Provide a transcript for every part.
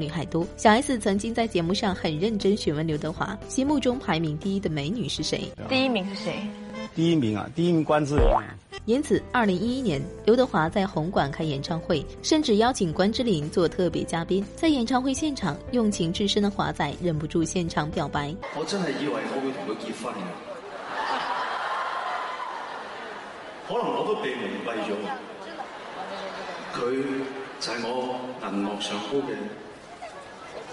女孩多，小 S 曾經在節目上很認真詢問劉德華心目中排名第一的美女是誰？第一名是誰？第一名啊，第一名關之琳。因此，二零一一年，劉德華在紅館開演唱會，甚至邀請關之琳做特別嘉賓。在演唱會現場，用情至深的華仔忍不住現場表白：“我真係以為我會同佢結婚，可能我都被蒙蔽咗，佢就係我銀幕上高嘅。”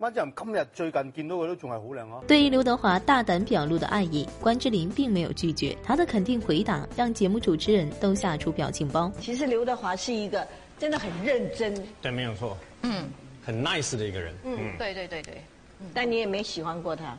關之琳今日最近見到佢都仲係好靚哦。對於劉德華大膽表露的愛意，關之琳並沒有拒絕，她的肯定回答讓節目主持人都嚇出表情包。其實劉德華是一個真的很認真，對，沒有錯，嗯，很 nice 的一個人，嗯，嗯，對對對對，但你也沒喜歡過他。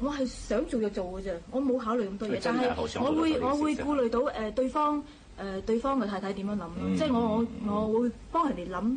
我係想做就做嘅啫，我冇考慮咁多嘢，但係我會我會顧慮到誒對方誒對方嘅太太點樣諗，即係，嗯，即係，我我，我會幫人哋諗。